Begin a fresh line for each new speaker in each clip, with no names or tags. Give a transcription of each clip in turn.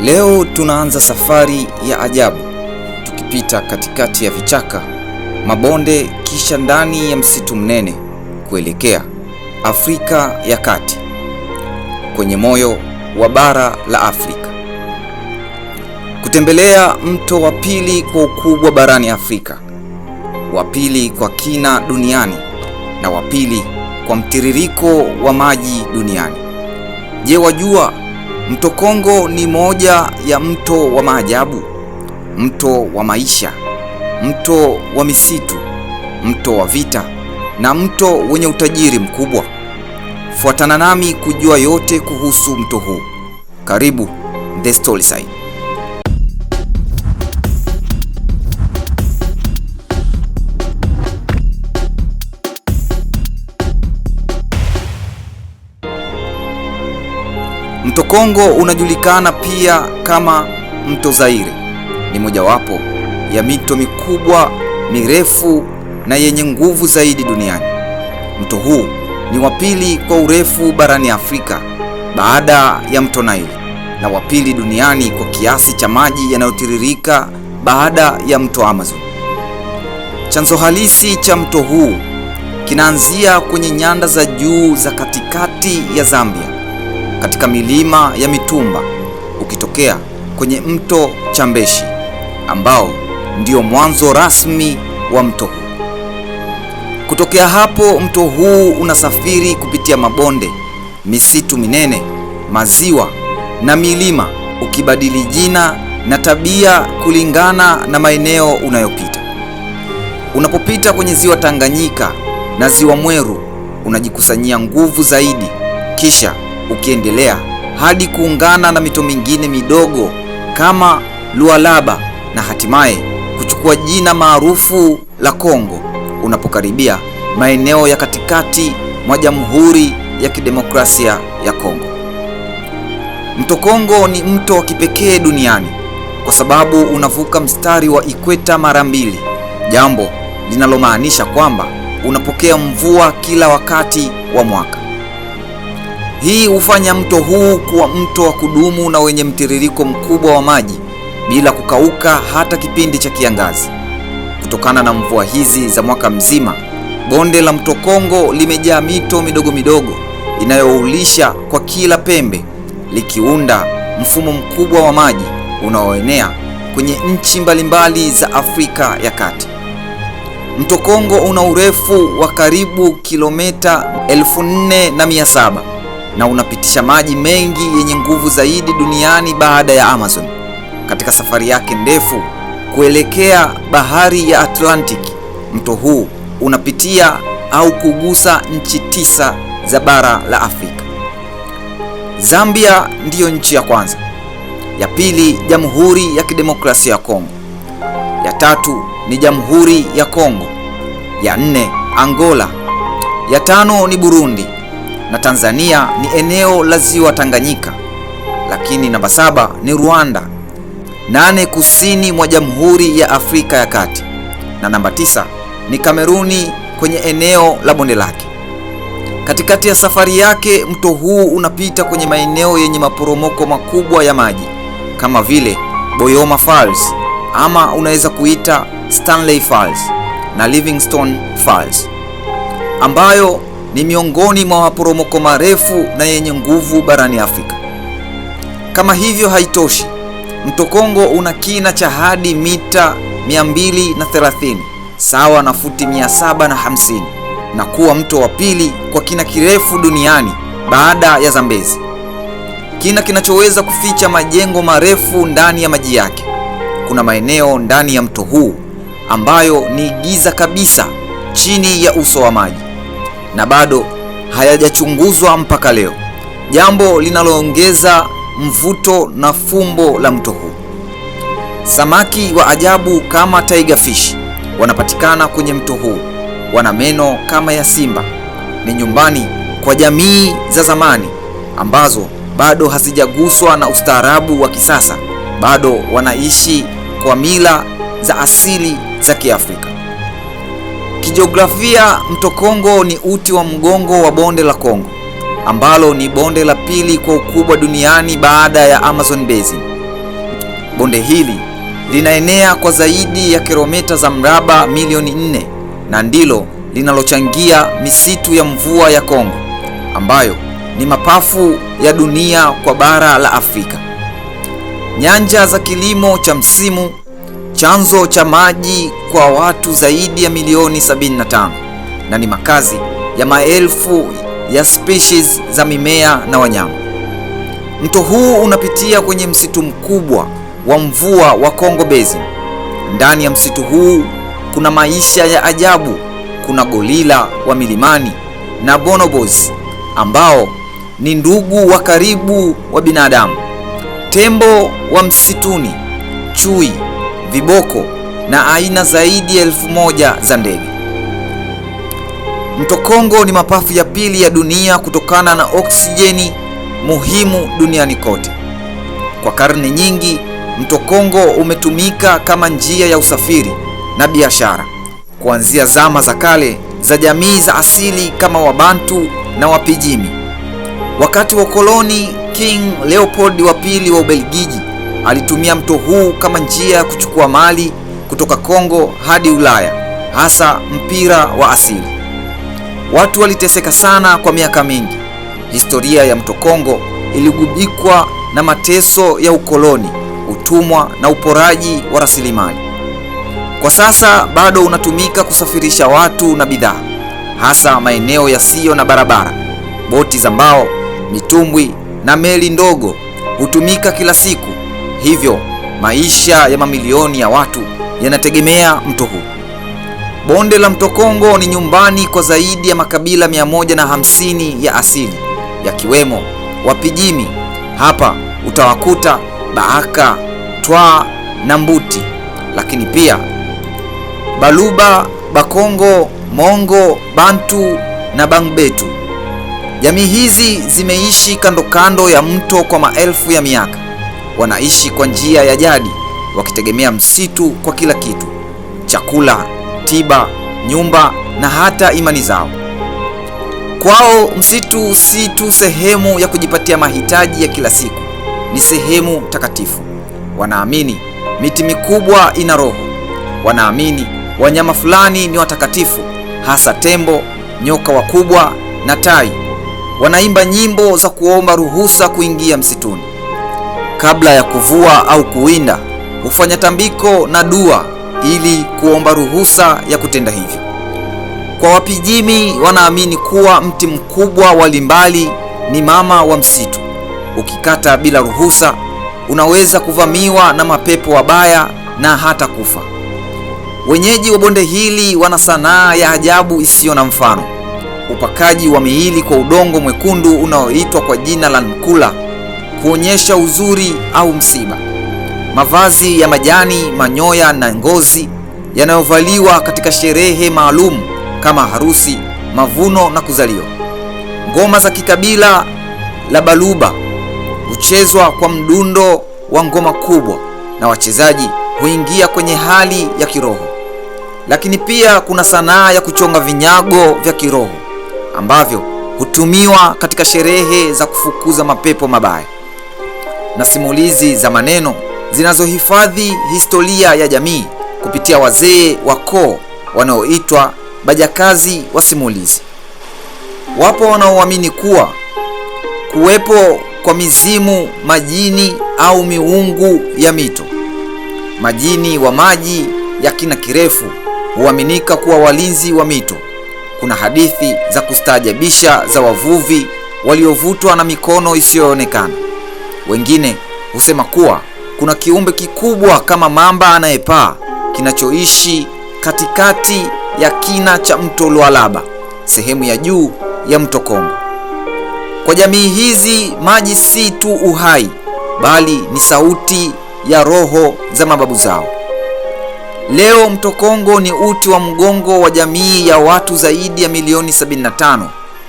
Leo tunaanza safari ya ajabu tukipita katikati ya vichaka, mabonde, kisha ndani ya msitu mnene kuelekea Afrika ya Kati, kwenye moyo wa bara la Afrika, kutembelea mto wa pili kwa ukubwa barani Afrika, wa pili kwa kina duniani na wa pili kwa mtiririko wa maji duniani. Je, wajua Mto Kongo ni moja ya mto wa maajabu, mto wa maisha, mto wa misitu, mto wa vita na mto wenye utajiri mkubwa. Fuatana nami kujua yote kuhusu mto huu. Karibu The Storyside. Kongo unajulikana pia kama mto Zaire. Ni mojawapo ya mito mikubwa, mirefu na yenye nguvu zaidi duniani. Mto huu ni wa pili kwa urefu barani Afrika baada ya mto Nile na wa pili duniani kwa kiasi cha maji yanayotiririka baada ya mto Amazon. Chanzo halisi cha mto huu kinaanzia kwenye nyanda za juu za katikati ya Zambia katika milima ya Mitumba ukitokea kwenye mto Chambeshi ambao ndio mwanzo rasmi wa mto huu. Kutokea hapo, mto huu unasafiri kupitia mabonde, misitu minene, maziwa na milima, ukibadili jina na tabia kulingana na maeneo unayopita. Unapopita kwenye ziwa Tanganyika na ziwa Mweru, unajikusanyia nguvu zaidi, kisha ukiendelea hadi kuungana na mito mingine midogo kama Lualaba na hatimaye kuchukua jina maarufu la Kongo unapokaribia maeneo ya katikati mwa Jamhuri ya Kidemokrasia ya Kongo. Mto Kongo ni mto wa kipekee duniani kwa sababu unavuka mstari wa ikweta mara mbili, jambo linalomaanisha kwamba unapokea mvua kila wakati wa mwaka. Hii hufanya mto huu kuwa mto wa kudumu na wenye mtiririko mkubwa wa maji bila kukauka hata kipindi cha kiangazi. Kutokana na mvua hizi za mwaka mzima, bonde la mto Kongo limejaa mito midogo midogo inayoulisha kwa kila pembe, likiunda mfumo mkubwa wa maji unaoenea kwenye nchi mbalimbali za Afrika ya Kati. Mto Kongo una urefu wa karibu kilomita 4700 na unapitisha maji mengi yenye nguvu zaidi duniani baada ya Amazon. Katika safari yake ndefu kuelekea bahari ya Atlantic, mto huu unapitia au kugusa nchi tisa za bara la Afrika. Zambia ndiyo nchi ya kwanza, ya pili Jamhuri ya Kidemokrasia ya Kongo, ya tatu ni Jamhuri ya Kongo, ya nne Angola, ya tano ni Burundi na Tanzania ni eneo la ziwa Tanganyika, lakini namba saba ni Rwanda, nane kusini mwa Jamhuri ya Afrika ya Kati, na namba tisa ni Kameruni kwenye eneo la bonde lake. Katikati ya safari yake, mto huu unapita kwenye maeneo yenye maporomoko makubwa ya maji kama vile Boyoma Falls ama unaweza kuita Stanley Falls na Livingstone Falls ambayo ni miongoni mwa maporomoko marefu na yenye nguvu barani Afrika. Kama hivyo haitoshi, mto Kongo una kina cha hadi mita 230 sawa na futi 750 na kuwa mto wa pili kwa kina kirefu duniani baada ya Zambezi, kina kinachoweza kuficha majengo marefu ndani ya maji yake. Kuna maeneo ndani ya mto huu ambayo ni giza kabisa chini ya uso wa maji na bado hayajachunguzwa mpaka leo, jambo linaloongeza mvuto na fumbo la mto huu. Samaki wa ajabu kama tiger fish wanapatikana kwenye mto huu. Wana meno kama ya simba. Ni nyumbani kwa jamii za zamani ambazo bado hazijaguswa na ustaarabu wa kisasa, bado wanaishi kwa mila za asili za Kiafrika. Kijiografia, mto Kongo ni uti wa mgongo wa bonde la Kongo ambalo ni bonde la pili kwa ukubwa duniani baada ya Amazon Basin. Bonde hili linaenea kwa zaidi ya kilomita za mraba milioni nne na ndilo linalochangia misitu ya mvua ya Kongo ambayo ni mapafu ya dunia kwa bara la Afrika. Nyanja za kilimo cha msimu chanzo cha maji kwa watu zaidi ya milioni 75 na ni makazi ya maelfu ya species za mimea na wanyama. Mto huu unapitia kwenye msitu mkubwa wa mvua wa Kongo Basin. Ndani ya msitu huu kuna maisha ya ajabu. Kuna golila wa milimani na bonobos ambao ni ndugu wa karibu wa binadamu, tembo wa msituni, chui viboko na aina zaidi ya elfu moja za ndege. Mto Kongo ni mapafu ya pili ya dunia kutokana na oksijeni muhimu duniani kote. Kwa karne nyingi, mto Kongo umetumika kama njia ya usafiri na biashara kuanzia zama za kale za jamii za asili kama Wabantu na wapijimi Wakati wa koloni, King Leopold wa pili wa Ubelgiji alitumia mto huu kama njia ya kuchukua mali kutoka Kongo hadi Ulaya, hasa mpira wa asili. Watu waliteseka sana kwa miaka mingi. Historia ya mto Kongo iligubikwa na mateso ya ukoloni, utumwa na uporaji wa rasilimali. Kwa sasa bado unatumika kusafirisha watu na bidhaa, hasa maeneo yasiyo na barabara. Boti za mbao, mitumbwi na meli ndogo hutumika kila siku Hivyo maisha ya mamilioni ya watu yanategemea mto huu. Bonde la mto Kongo ni nyumbani kwa zaidi ya makabila 150 ya asili yakiwemo Wapijimi. Hapa utawakuta Baaka, Twa na Mbuti, lakini pia Baluba, Bakongo, Mongo, Bantu na Bangbetu. Jamii hizi zimeishi kando kando ya mto kwa maelfu ya miaka wanaishi kwa njia ya jadi wakitegemea msitu kwa kila kitu: chakula, tiba, nyumba na hata imani zao. Kwao msitu si tu sehemu ya kujipatia mahitaji ya kila siku, ni sehemu takatifu. Wanaamini miti mikubwa ina roho. Wanaamini wanyama fulani ni watakatifu, hasa tembo, nyoka wakubwa na tai. Wanaimba nyimbo za kuomba ruhusa kuingia msituni kabla ya kuvua au kuwinda hufanya tambiko na dua ili kuomba ruhusa ya kutenda hivyo. Kwa wapijimi wanaamini kuwa mti mkubwa wa limbali ni mama wa msitu. Ukikata bila ruhusa, unaweza kuvamiwa na mapepo wabaya na hata kufa. Wenyeji wa bonde hili wana sanaa ya ajabu isiyo na mfano, upakaji wa miili kwa udongo mwekundu unaoitwa kwa jina la nkula kuonyesha uzuri au msiba. Mavazi ya majani, manyoya na ngozi yanayovaliwa katika sherehe maalum kama harusi, mavuno na kuzaliwa. Ngoma za kikabila la Baluba huchezwa kwa mdundo wa ngoma kubwa na wachezaji huingia kwenye hali ya kiroho. Lakini pia kuna sanaa ya kuchonga vinyago vya kiroho ambavyo hutumiwa katika sherehe za kufukuza mapepo mabaya na simulizi za maneno zinazohifadhi historia ya jamii kupitia wazee wa koo wanaoitwa bajakazi wa simulizi. Wapo wanaoamini kuwa kuwepo kwa mizimu, majini au miungu ya mito. Majini wa maji ya kina kirefu huaminika kuwa walinzi wa mito. Kuna hadithi za kustaajabisha za wavuvi waliovutwa na mikono isiyoonekana wengine husema kuwa kuna kiumbe kikubwa kama mamba anayepaa kinachoishi katikati ya kina cha mto Lualaba, sehemu ya juu ya mto Kongo. Kwa jamii hizi, maji si tu uhai, bali ni sauti ya roho za mababu zao. Leo mto Kongo ni uti wa mgongo wa jamii ya watu zaidi ya milioni 75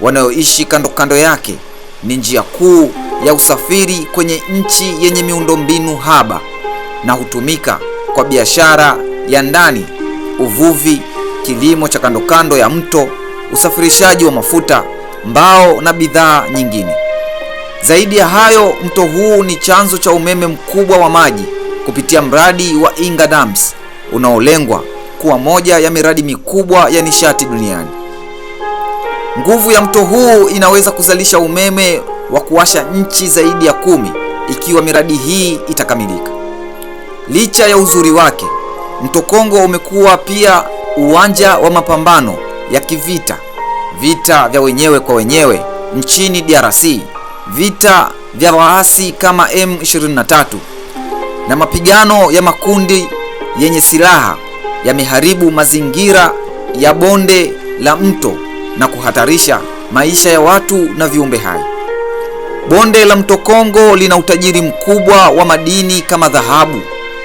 wanaoishi kando kando yake. Ni njia kuu ya usafiri kwenye nchi yenye miundombinu haba na hutumika kwa biashara ya ndani, uvuvi, kilimo cha kando kando ya mto, usafirishaji wa mafuta, mbao na bidhaa nyingine. Zaidi ya hayo, mto huu ni chanzo cha umeme mkubwa wa maji kupitia mradi wa Inga Dams unaolengwa kuwa moja ya miradi mikubwa ya nishati duniani. Nguvu ya mto huu inaweza kuzalisha umeme wa kuwasha nchi zaidi ya kumi ikiwa miradi hii itakamilika. Licha ya uzuri wake, mto Kongo umekuwa pia uwanja wa mapambano ya kivita, vita vya wenyewe kwa wenyewe nchini DRC, vita vya waasi kama M23 na mapigano ya makundi yenye silaha yameharibu mazingira ya bonde la mto na kuhatarisha maisha ya watu na viumbe hai. Bonde la mto Kongo lina utajiri mkubwa wa madini kama dhahabu,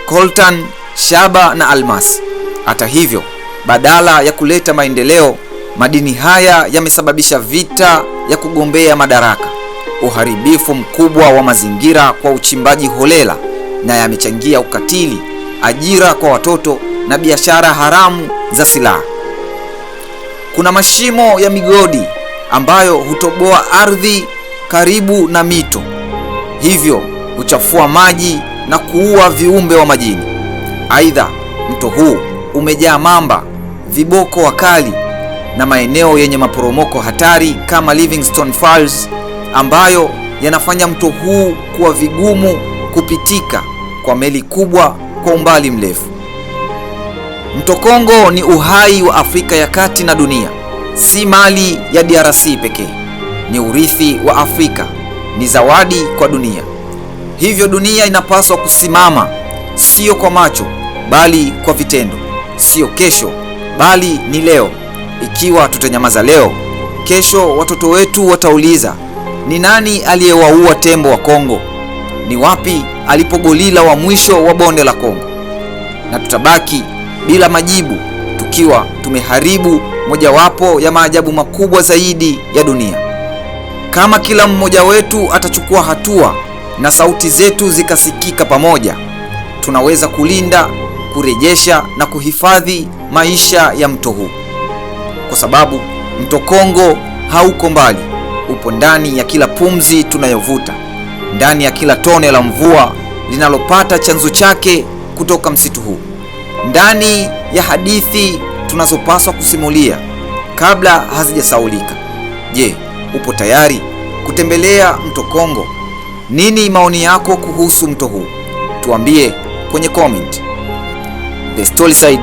coltan, shaba na almasi. Hata hivyo, badala ya kuleta maendeleo, madini haya yamesababisha vita ya kugombea madaraka, uharibifu mkubwa wa mazingira kwa uchimbaji holela, na yamechangia ukatili, ajira kwa watoto na biashara haramu za silaha. Kuna mashimo ya migodi ambayo hutoboa ardhi karibu na mito, hivyo huchafua maji na kuua viumbe wa majini. Aidha, mto huu umejaa mamba, viboko wakali na maeneo yenye maporomoko hatari kama Livingstone Falls ambayo yanafanya mto huu kuwa vigumu kupitika kwa meli kubwa kwa umbali mrefu. Mto Kongo ni uhai wa Afrika ya Kati na dunia, si mali ya DRC pekee ni urithi wa Afrika, ni zawadi kwa dunia. Hivyo dunia inapaswa kusimama, sio kwa macho bali kwa vitendo, sio kesho bali ni leo. Ikiwa tutanyamaza leo, kesho watoto wetu watauliza ni nani aliyewaua tembo wa Kongo? Ni wapi alipo wa mwisho wa bonde la Kongo? Na tutabaki bila majibu tukiwa tumeharibu mojawapo ya maajabu makubwa zaidi ya dunia. Kama kila mmoja wetu atachukua hatua na sauti zetu zikasikika pamoja, tunaweza kulinda, kurejesha na kuhifadhi maisha ya mto huu, kwa sababu mto Kongo hauko mbali, upo ndani ya kila pumzi tunayovuta, ndani ya kila tone la mvua linalopata chanzo chake kutoka msitu huu, ndani ya hadithi tunazopaswa kusimulia kabla hazijasaulika. Je, upo tayari kutembelea mto Kongo? Nini maoni yako kuhusu mto huu? Tuambie kwenye comment. The Storyside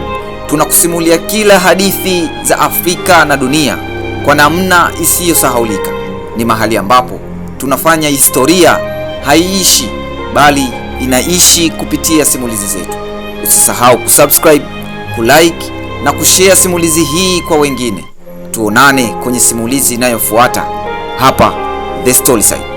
tunakusimulia kila hadithi za Afrika na dunia kwa namna isiyosahaulika. Ni mahali ambapo tunafanya historia haiishi bali inaishi kupitia simulizi zetu. Usisahau kusubscribe, kulike na kushare simulizi hii kwa wengine. Tuonane kwenye simulizi inayofuata hapa The Story Side.